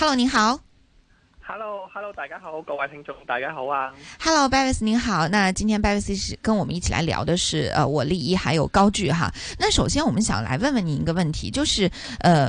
Hello，你好。Hello，Hello，Hello，大家好，各位聽眾，大家好啊。Hello，Bevis，您好。那今天 Bevis 是跟我們一起來聊的是，呃，我利益還有高聚哈。那首先我們想來問問您一個問題，就是，呃。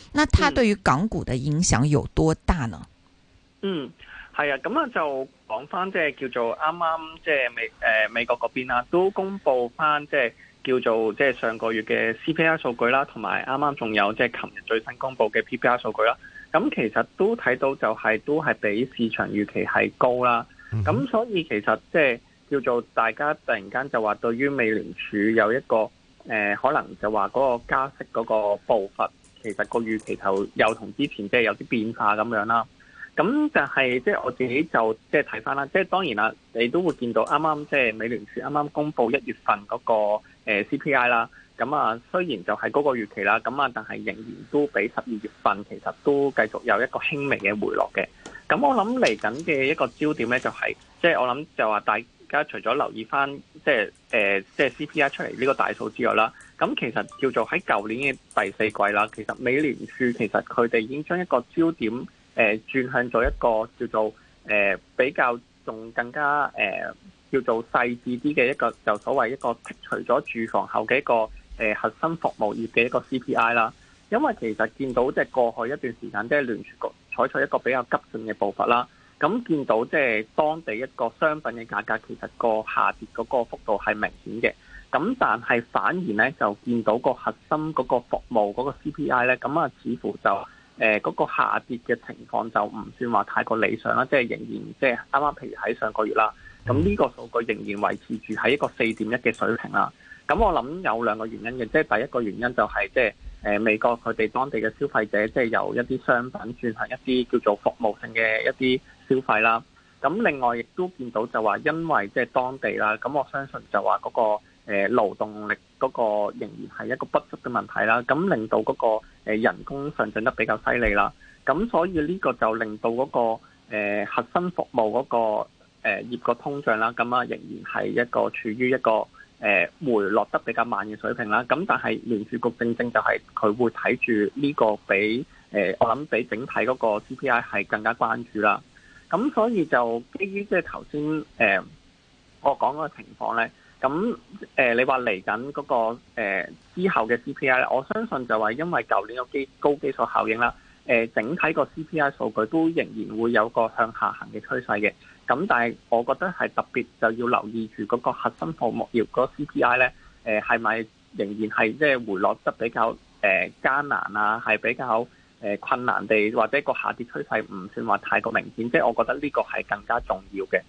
那它對於港股的影響有多大呢？嗯，係啊，咁啊就講翻即係叫做啱啱即係美誒、呃、美國嗰邊啦、啊，都公布翻即係叫做即係上個月嘅 CPI 數據啦，同埋啱啱仲有即係琴日最新公布嘅 PPI 數據啦。咁其實都睇到就係、是、都係比市場預期係高啦。咁、嗯、哼所以其實即、就、係、是、叫做大家突然間就話對於美聯儲有一個誒、呃、可能就話嗰個加息嗰個步伐。其實個預期就又同之前即係有啲變化咁樣啦，咁但係即係我自己就即係睇翻啦，即係當然啦，你都會見到啱啱即係美聯儲啱啱公布一月份嗰個 CPI 啦，咁啊雖然就係嗰個預期啦，咁啊但係仍然都比十二月份其實都繼續有一個輕微嘅回落嘅，咁我諗嚟緊嘅一個焦點咧就係即係我諗就話大家除咗留意翻即係誒、呃、即係 CPI 出嚟呢個大數之外啦。咁其實叫做喺舊年嘅第四季啦，其實美聯儲其實佢哋已經將一個焦點誒、呃、轉向咗一個叫做誒、呃、比較仲更加誒、呃、叫做細緻啲嘅一個就所謂一個剔除咗住房後嘅一個誒、呃、核心服務業嘅一個 CPI 啦。因為其實見到即係過去一段時間，即係聯儲局採取一個比較急進嘅步伐啦。咁見到即係當地一個商品嘅價格，其實個下跌嗰個幅度係明顯嘅。咁但係反而咧就見到個核心嗰個服務嗰、那個 CPI 咧，咁啊似乎就誒嗰、呃那個下跌嘅情況就唔算話太過理想啦，即、就、係、是、仍然即係啱啱譬如喺上個月啦，咁呢個數據仍然維持住喺一個四點一嘅水平啦。咁我諗有兩個原因嘅，即、就、係、是、第一個原因就係即係誒美國佢哋當地嘅消費者即係、就是、由一啲商品轉行一啲叫做服務性嘅一啲消費啦。咁另外亦都見到就話因為即係當地啦，咁我相信就話嗰、那個。誒勞動力嗰個仍然係一個不足嘅問題啦，咁令到嗰個人工上漲得比較犀利啦，咁所以呢個就令到嗰個誒核心服務嗰個誒業個通脹啦，咁啊仍然係一個處於一個誒回落得比較慢嘅水平啦，咁但係聯儲局正正就係佢會睇住呢個比誒我諗比整體嗰個 CPI 係更加關注啦，咁所以就基於即係頭先誒我講嗰個情況咧。咁誒，你話嚟緊嗰個之後嘅 CPI 咧，我相信就係因為舊年個基高基礎效應啦。誒，整體個 CPI 數據都仍然會有個向下行嘅趨勢嘅。咁但係我覺得係特別就要留意住嗰個核心服務業嗰 CPI 咧，誒係咪仍然係即係回落得比較誒艱難啊？係比較誒困難地或者個下跌趨勢唔算話太過明顯，即係我覺得呢個係更加重要嘅。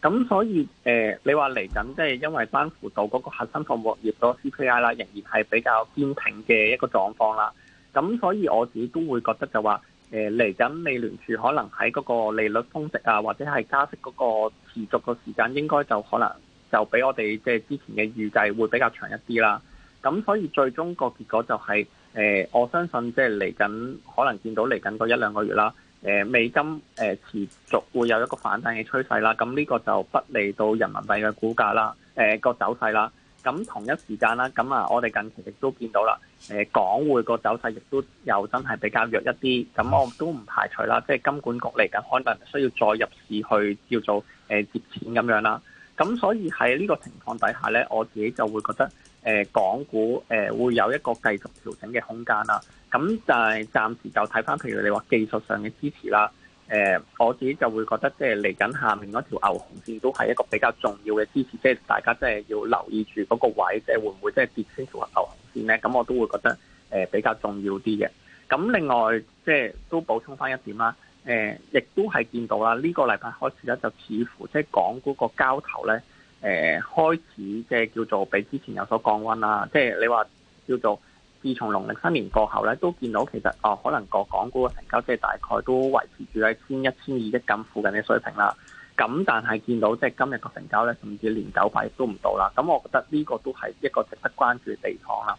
咁所以，誒、欸、你話嚟緊，即係因為關乎到嗰個核心服務業嗰個 CPI 啦，仍然係比較堅挺嘅一個狀況啦。咁所以我自己都會覺得就話，誒嚟緊美聯儲可能喺嗰個利率峰值啊，或者係加息嗰個持續個時間，應該就可能就比我哋即係之前嘅預計會比較長一啲啦。咁所以最終個結果就係、是，誒、欸、我相信即係嚟緊可能見到嚟緊嗰一兩個月啦。誒美金誒持續會有一個反彈嘅趨勢啦，咁呢個就不利到人民幣嘅股價啦，誒、呃、個走勢啦。咁同一時間啦，咁啊，我哋近期亦都見到啦，誒、呃、港匯個走勢亦都又真係比較弱一啲。咁我都唔排除啦，即係金管局嚟緊，可能需要再入市去叫做誒接、呃、錢咁樣啦。咁所以喺呢個情況底下咧，我自己就會覺得誒、呃、港股誒、呃、會有一個繼續調整嘅空間啦。咁但係暫時就睇翻，譬如你話技術上嘅支持啦，誒、呃、我自己就會覺得即係嚟緊下面嗰條牛紅線都係一個比較重要嘅支持，即、就、係、是、大家即係要留意住嗰個位，即、就、係、是、會唔會即係跌穿條牛紅線咧？咁我都會覺得誒、呃、比較重要啲嘅。咁另外即係、就是、都補充翻一點啦，誒、呃、亦都係見到啦，呢個禮拜開始咧就似乎即係港股個交投咧，誒、呃、開始即係叫做比之前有所降溫啦、啊。即、就、係、是、你話叫做。自從農曆新年過後咧，都見到其實哦，可能個港股嘅成交即係、就是、大概都維持住喺千一千二億咁附近嘅水平啦。咁但係見到即係今日個成交咧，甚至連九百億都唔到啦。咁我覺得呢個都係一個值得關注嘅地方啦。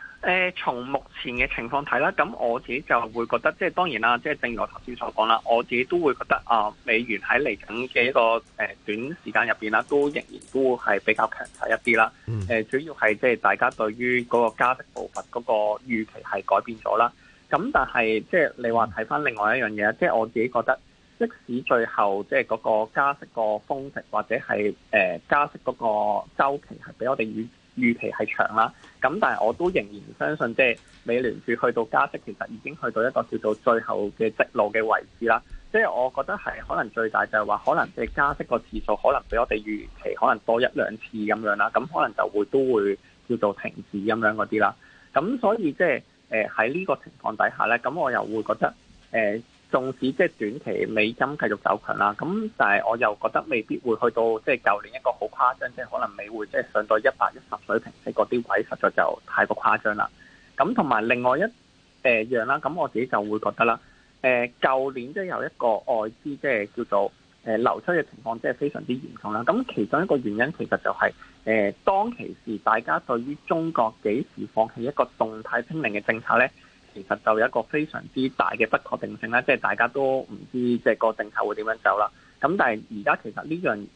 誒、呃，從目前嘅情況睇啦，咁我自己就會覺得，即係當然啦，即係正如我頭先所講啦，我自己都會覺得啊、呃，美元喺嚟緊嘅一個誒短時間入邊啦，都仍然都會係比較強勢一啲啦。誒、呃，主要係即係大家對於嗰個加息部分嗰個預期係改變咗啦。咁但係即係你話睇返另外一樣嘢，即係我自己覺得，即使最後即係嗰個加息個峰值，或者係誒、呃、加息嗰個週期係比我哋預預期係長啦，咁但係我都仍然相信，即係美聯儲去到加息，其實已經去到一個叫做最後嘅直路嘅位置啦。即係我覺得係可能最大就係話，可能即係加息個次數可能比我哋預期可能多一兩次咁樣啦，咁可能就會都會叫做停止咁樣嗰啲啦。咁所以即係誒喺呢個情況底下呢，咁我又會覺得誒，呃縱使即係短期美金繼續走強啦，咁但係我又覺得未必會去到即係舊年一個好誇張，即係可能美匯即係上到一百一十水平，係嗰啲位實在就太過誇張啦。咁同埋另外一誒樣啦，咁我自己就會覺得啦，誒舊年即係有一個外資即係叫做誒流出嘅情況，即係非常之嚴重啦。咁其中一個原因其實就係、是、誒當其時大家對於中國幾時放棄一個動態清零嘅政策咧？其實就有一個非常之大嘅不確定性啦，即係大家都唔知即係個政策會點樣走啦。咁但係而家其實呢樣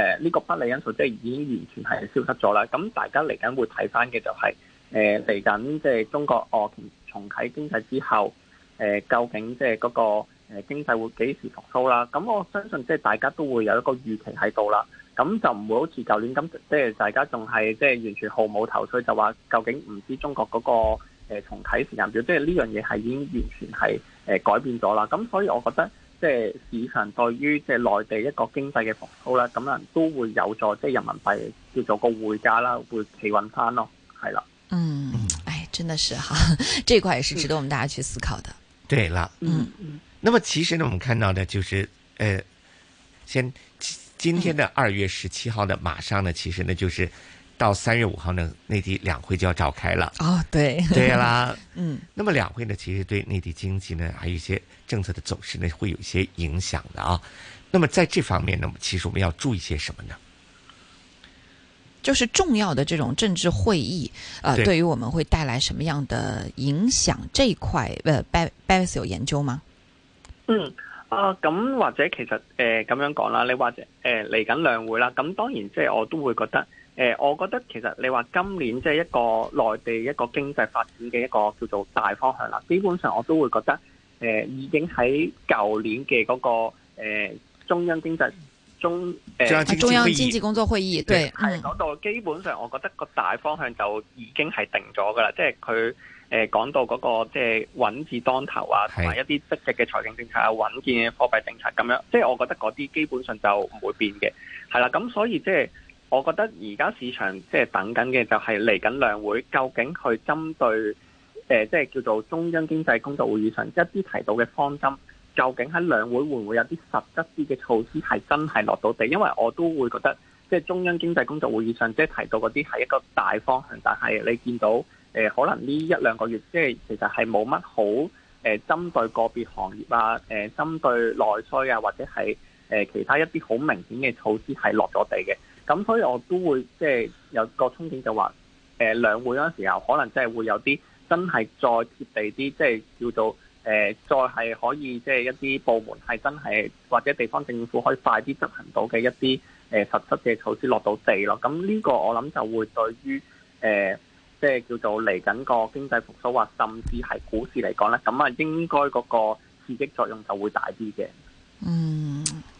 誒呢個不利因素即係已經完全係消失咗啦。咁大家嚟緊會睇翻嘅就係誒嚟緊即係中國哦重啟經濟之後誒究竟即係嗰個誒經濟會幾時復甦啦？咁我相信即係大家都會有一個預期喺度啦。咁就唔會好似舊年咁，即係大家仲係即係完全毫無頭緒，就話究竟唔知中國嗰個。誒，重啟時間表，即係呢樣嘢係已經完全係誒、呃、改變咗啦。咁所以我覺得，即係市場對於即係內地一個經濟嘅復甦咧，咁可能都會有助，即係人民幣叫做個匯價啦，會企穩翻咯，係啦。嗯，唉、哎，真的是哈，這塊也是值得我們大家去思考的。對啦，嗯嗯。嗯，那麼其實呢，我們看到呢，就是誒、呃，先今天的二月十七號呢，馬上呢，其實呢就是。到三月五號呢，內地兩會就要召開了。哦，對，對啦，嗯。那麼兩會呢，其實對內地經濟呢，還有一些政策的走勢呢，會有一些影響的啊。那麼在這方面呢，其實我們要注意些什麼呢？就是重要的這種政治會議，呃，對於我們會帶來什麼樣的影響？這一塊，呃，Bevis 有研究嗎？嗯，啊，咁或者其實誒咁樣講啦，你或者誒嚟緊兩會啦，咁當然即係我都會覺得。誒、呃，我覺得其實你話今年即係一個內地一個經濟發展嘅一個叫做大方向啦。基本上我都會覺得，誒、呃，已經喺舊年嘅嗰個誒、呃、中央經濟中誒、呃、中央經濟工作會議對係講到，嗯、基本上我覺得個大方向就已經係定咗噶啦。即係佢誒講到嗰個即係穩字當頭啊，同埋一啲積極嘅財政政策啊、財政政策穩健嘅貨幣政策咁樣。即係我覺得嗰啲基本上就唔會變嘅。係啦，咁所以即係。我覺得而家市場即係等緊嘅就係嚟緊兩會，究竟佢針對誒即係叫做中央經濟工作會議上一啲提到嘅方針，究竟喺兩會會唔會有啲實質啲嘅措施係真係落到地？因為我都會覺得即係中央經濟工作會議上即係提到嗰啲係一個大方向，但係你見到誒可能呢一兩個月即係其實係冇乜好誒針對個別行業啊、誒針對內需啊或者係誒其他一啲好明顯嘅措施係落咗地嘅。咁所以我都會即係有個憧憬，就話誒兩會嗰陣時候，可能即係會有啲真係再貼地啲，即係叫做誒再係可以即係一啲部門係真係或者地方政府可以快啲執行到嘅一啲誒實質嘅措施落到地咯。咁呢個我諗就會對於誒即係叫做嚟緊個經濟復甦或甚至係股市嚟講咧，咁啊應該嗰個刺激作用就會大啲嘅。嗯。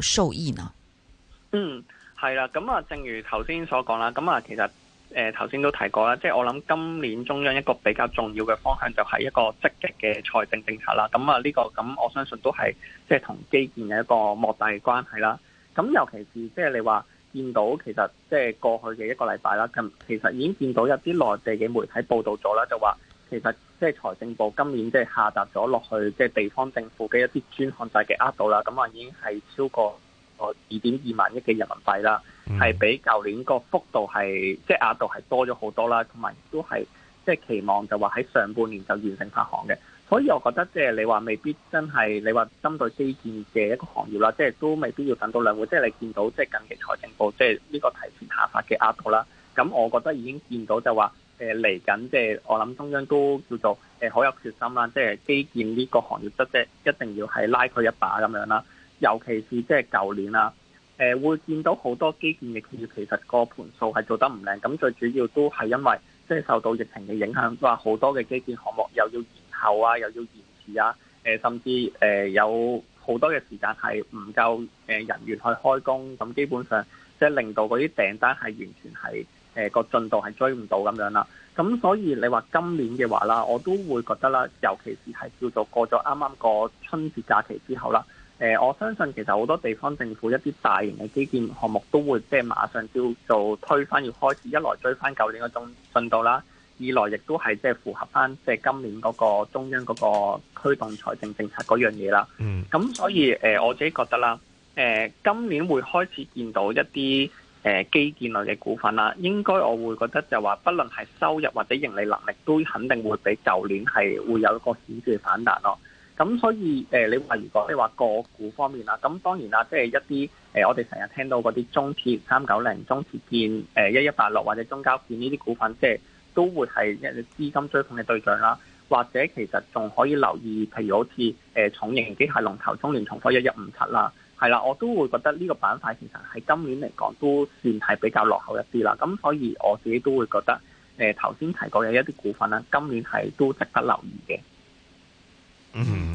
受益呢？嗯，係啦，咁啊，正如頭先所講啦，咁啊，其實誒，頭先都提過啦，即係我諗今年中央一個比較重要嘅方向就係一個積極嘅財政政策啦。咁啊，呢個咁我相信都係即係同基建嘅一個莫大嘅關係啦。咁尤其是即係你話見到其實即係過去嘅一個禮拜啦，咁其實已經見到一啲內地嘅媒體報道咗啦，就話其實。即係財政部今年即係下達咗落去，即係地方政府嘅一啲專項債嘅額度啦，咁啊已經係超過個二點二萬億嘅人民幣啦，係比舊年個幅度係即係額度係多咗好多啦，同埋亦都係即係期望就話喺上半年就完成發行嘅，所以我覺得即係你話未必真係，你話針對基建嘅一個行業啦，即係都未必要等到兩會，即係你見到即係近期財政部即係呢個提前下發嘅額度啦，咁我覺得已經見到就話。誒嚟緊，即係我諗中央都叫做誒好有決心啦，即係基建呢個行業都即係一定要係拉佢一把咁樣啦。尤其是即係舊年啦，誒會見到好多基建嘅企業其實,其實個盤數係做得唔靚，咁最主要都係因為即係受到疫情嘅影響，話好多嘅基建項目又要延後啊，又要延遲啊，誒甚至誒有好多嘅時間係唔夠誒人員去開工，咁基本上即係令到嗰啲訂單係完全係。誒、呃、個進度係追唔到咁樣啦，咁所以你話今年嘅話啦，我都會覺得啦，尤其是係叫做過咗啱啱個春節假期之後啦，誒、呃，我相信其實好多地方政府一啲大型嘅基建項目都會即係馬上叫做推翻要開始，一來追翻舊年嗰種進度啦，二來亦都係即係符合翻即係今年嗰個中央嗰個驅動財政政策嗰樣嘢啦。嗯，咁所以誒、呃、我自己覺得啦，誒、呃、今年會開始見到一啲。誒基建類嘅股份啦、啊，應該我會覺得就話，不論係收入或者盈利能力，都肯定會比舊年係會有一個顯著嘅反彈咯、啊。咁所以誒、呃，你話如果你話個股方面啦、啊，咁當然啦、啊，即、就、係、是、一啲誒、呃，我哋成日聽到嗰啲中鐵三九零、90, 中鐵建誒一一八六或者中交建呢啲股份，即、就、係、是、都會係一啲資金追捧嘅對象啦、啊。或者其實仲可以留意，譬如好似誒重型機械龍頭中聯重科一一五七啦。係啦，我都會覺得呢個板塊其實喺今年嚟講都算係比較落後一啲啦。咁所以我自己都會覺得，誒頭先提過嘅一啲股份啦，今年係都值得留意嘅。嗯。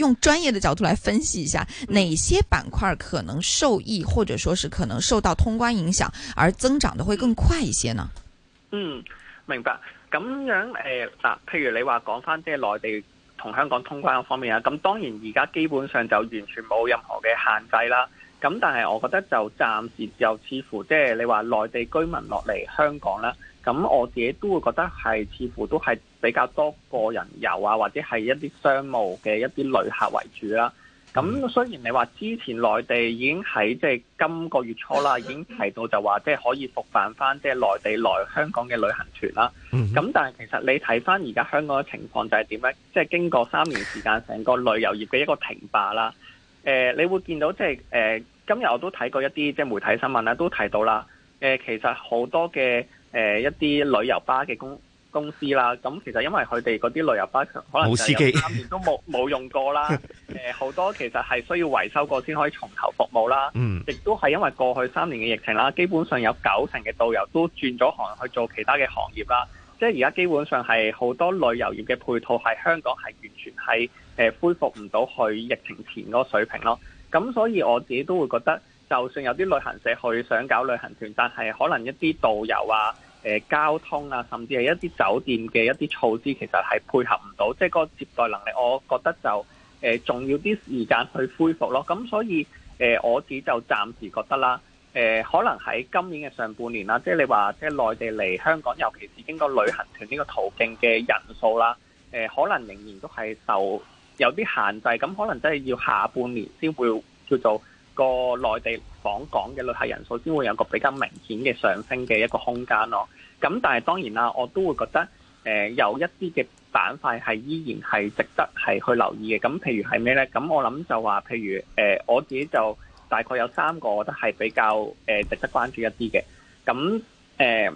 用專業的角度來分析一下，哪些板塊可能受益，或者說是可能受到通關影響而增長得會更快一些呢？嗯，明白。咁樣誒嗱，呃，譬如你話講翻即係內地同香港通關方面啊，咁當然而家基本上就完全冇任何嘅限制啦。咁但係我覺得就暫時就似乎即係你話內地居民落嚟香港啦。咁我自己都會覺得係，似乎都係比較多個人遊啊，或者係一啲商務嘅一啲旅客為主啦、啊。咁雖然你話之前內地已經喺即係今個月初啦、啊，已經提到就話即係可以復辦返，即係內地來香港嘅旅行團啦、啊。咁 但係其實你睇返而家香港嘅情況就係點呢？即、就、係、是、經過三年時間，成個旅遊業嘅一個停擺啦。誒、呃，你會見到即係誒，今日我都睇過一啲即係媒體新聞啦、啊，都提到啦。誒、呃，其實好多嘅。誒、呃、一啲旅遊巴嘅公公司啦，咁其實因為佢哋嗰啲旅遊巴可能有三年都冇冇用過啦，誒、呃、好多其實係需要維修過先可以重投服務啦，嗯，亦都係因為過去三年嘅疫情啦，基本上有九成嘅導遊都轉咗行去做其他嘅行業啦，即係而家基本上係好多旅遊業嘅配套喺香港係完全係誒、呃、恢復唔到去疫情前嗰個水平咯，咁所以我自己都會覺得。就算有啲旅行社去想搞旅行團，但係可能一啲導遊啊、誒交通啊，甚至係一啲酒店嘅一啲措施，其實係配合唔到，即係個接待能力，我覺得就誒仲要啲時間去恢復咯。咁所以誒，我自己就暫時覺得啦。誒，可能喺今年嘅上半年啦，即係你話即係內地嚟香港，尤其是經過旅行團呢個途徑嘅人數啦，誒，可能仍然都係受有啲限制，咁可能真係要下半年先會叫做。個內地訪港嘅旅客人數先會有個比較明顯嘅上升嘅一個空間咯。咁但係當然啦，我都會覺得誒、呃、有一啲嘅板塊係依然係值得係去留意嘅。咁譬如係咩呢？咁我諗就話，譬如誒、呃、我自己就大概有三個我覺得係比較誒、呃、值得關注一啲嘅。咁誒、呃、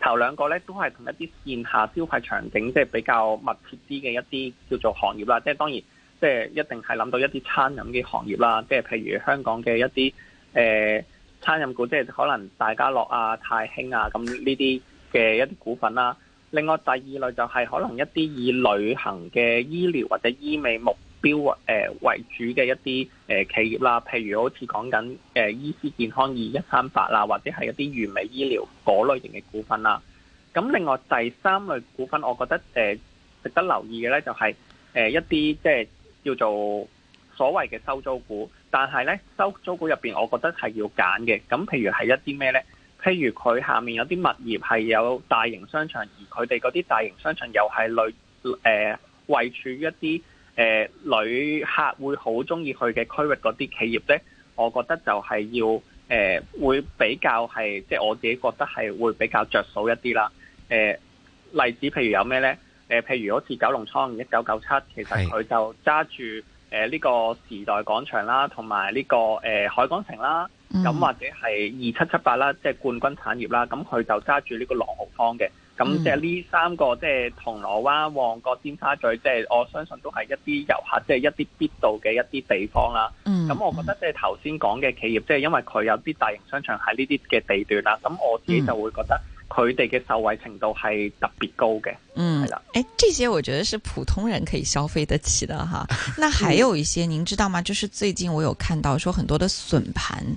頭兩個咧都係同一啲線下消費場景，即、就、係、是、比較密切啲嘅一啲叫做行業啦。即、就、係、是、當然。即係一定係諗到一啲餐飲嘅行業啦，即係譬如香港嘅一啲誒、呃、餐飲股，即係可能大家樂啊、太興啊咁呢啲嘅一啲股份啦。另外第二類就係可能一啲以旅行嘅醫療或者醫美目標誒為主嘅一啲誒企業啦，譬如好似講緊誒醫思健康二一三八啦，或者係一啲完美醫療嗰類型嘅股份啦。咁另外第三類股份，我覺得誒、呃、值得留意嘅咧、就係，就係誒一啲即係。叫做所謂嘅收租股，但係呢收租股入邊，我覺得係要揀嘅。咁譬如係一啲咩呢？譬如佢下面有啲物業係有大型商場，而佢哋嗰啲大型商場又係類誒位處一啲誒旅客會好中意去嘅區域，嗰啲企業呢，我覺得就係要誒、呃、會比較係即係我自己覺得係會比較着數一啲啦。誒、呃、例子譬如有咩呢？誒，譬如好似九龍倉一九九七，97，其實佢就揸住誒呢個時代廣場啦，同埋呢個誒海港城啦，咁、嗯、或者係二七七八啦，即係冠軍產業啦，咁、嗯、佢就揸住呢個朗豪坊嘅，咁即係呢三個即係、就是、銅鑼灣、旺角、尖沙咀，即、就、係、是、我相信都係一啲遊客即係、就是、一啲必到嘅一啲地方啦。咁、嗯嗯、我覺得即係頭先講嘅企業，即、就、係、是、因為佢有啲大型商場喺呢啲嘅地段啦，咁我自己就會覺得，嗯佢哋嘅受惠程度係特別高嘅，嗯，係啦的，誒、欸，這些我覺得是普通人可以消費得起的哈。那還有一些， 您知道嗎？就是最近我有看到說很多的筍盤。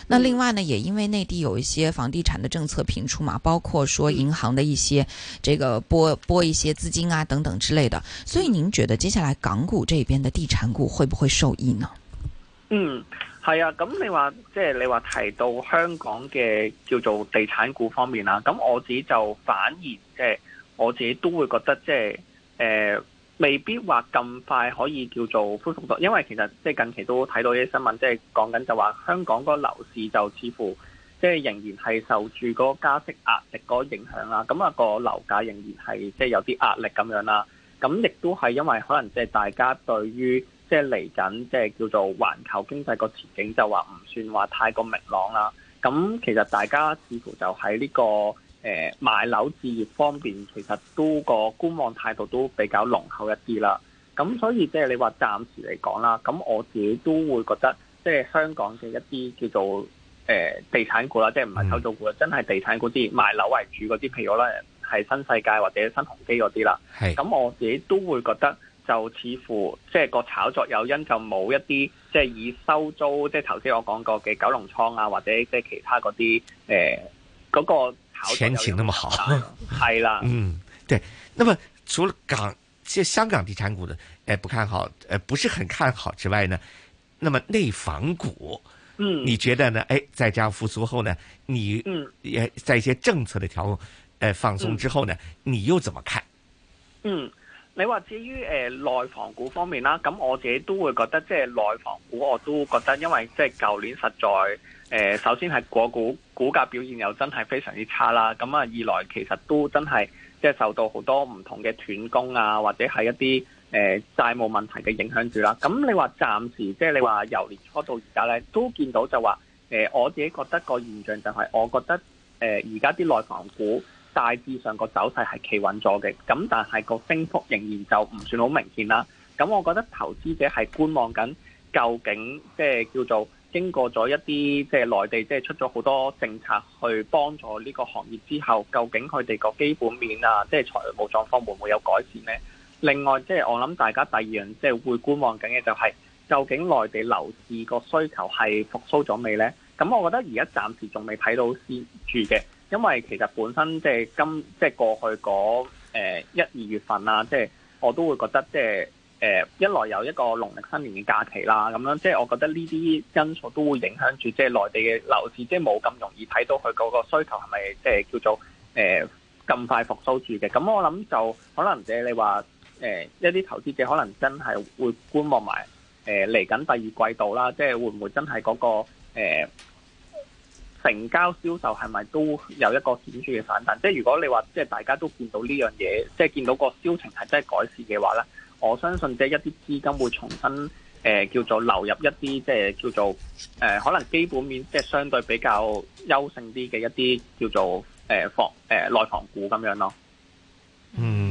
那另外呢，也因為內地有一些房地產的政策頻出嘛，包括說銀行的一些，這個撥撥一些資金啊等等之類的，所以您覺得接下來港股這邊的地產股會不會受益呢？嗯，係啊，咁你話即係你話提到香港嘅叫做地產股方面啦，咁我自己就反而即係、就是、我自己都會覺得即係誒。就是呃未必話咁快可以叫做恢復到，因為其實即係近期都睇到啲新聞，即係講緊就話香港嗰個樓市就似乎即係仍然係受住嗰個加息壓力嗰個影響啦。咁、那、啊個樓價仍然係即係有啲壓力咁樣啦。咁亦都係因為可能即係大家對於即係嚟緊即係叫做環球經濟個前景就話唔算話太過明朗啦。咁其實大家似乎就喺呢、這個，誒買樓置業方面，其實都個觀望態度都比較濃厚一啲啦。咁所以即係你話暫時嚟講啦，咁我自己都會覺得，即係香港嘅一啲叫做誒、呃、地產股啦，即係唔係收租股，嗯、真係地產股啲買樓為主嗰啲，譬如我啦係新世界或者新鴻基嗰啲啦。係咁是我自己都會覺得，就似乎即係個炒作有因，就冇一啲即係以收租，即係頭先我講過嘅九龍倉啊，或者即係其他嗰啲誒嗰個。前景那麼好，係啦，嗯，對。那麼除了港即香港地產股的，誒，不看好，誒、呃，不是很看好之外呢，那麼內房股，嗯，你覺得呢？誒、哎，在這樣復蘇後呢，你，嗯，也、呃、在一些政策的調控，誒、呃，放鬆之後呢，嗯、你又怎麼看？嗯，你話至於誒內房股方面啦、啊，咁我自己都會覺得即係內房股，我都覺得因為即係舊年實在。誒，首先係個股股價表現又真係非常之差啦。咁啊，二來其實都真係即係受到好多唔同嘅斷供啊，或者係一啲誒、呃、債務問題嘅影響住啦。咁你話暫時即係、就是、你話由年初到而家咧，都見到就話誒、呃，我自己覺得個現象就係，我覺得誒而家啲內房股大致上個走勢係企穩咗嘅。咁但係個升幅仍然就唔算好明顯啦。咁我覺得投資者係觀望緊，究竟即係叫做。經過咗一啲即係內地即係出咗好多政策去幫助呢個行業之後，究竟佢哋個基本面啊，即係財務狀況會唔會有改善呢？另外，即係我諗大家第二樣即係會觀望緊嘅就係，究竟內地樓市個需求係復甦咗未呢？咁我覺得而家暫時仲未睇到先住嘅，因為其實本身即係今即係過去嗰呃、一、二月份啊，即係我都會覺得即係。誒一來有一個農曆新年嘅假期啦，咁樣即係我覺得呢啲因素都會影響住，即係內地嘅樓市，即係冇咁容易睇到佢嗰個需求係咪即係叫做誒咁、呃、快復甦住嘅。咁我諗就可能即係你話誒、呃、一啲投資者可能真係會觀望埋誒嚟緊第二季度啦，即、就、係、是、會唔會真係嗰、那個、呃、成交銷售係咪都有一個顯著嘅反彈？即係如果你話即係大家都見到呢樣嘢，即係見到個銷情係真係改善嘅話咧。我相信即係一啲資金會重新誒、呃、叫做流入一啲即係叫做誒可能基本面即係相對比較優勝啲嘅一啲叫做誒、呃、房誒內、呃、房股咁樣咯。嗯。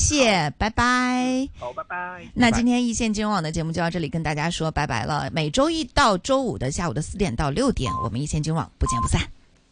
謝，拜拜。好，拜拜。那今天一線金融網的節目就到這裡，跟大家說拜拜了。每周一到周五的下午的四點到六點，我們一線金融網不見不散。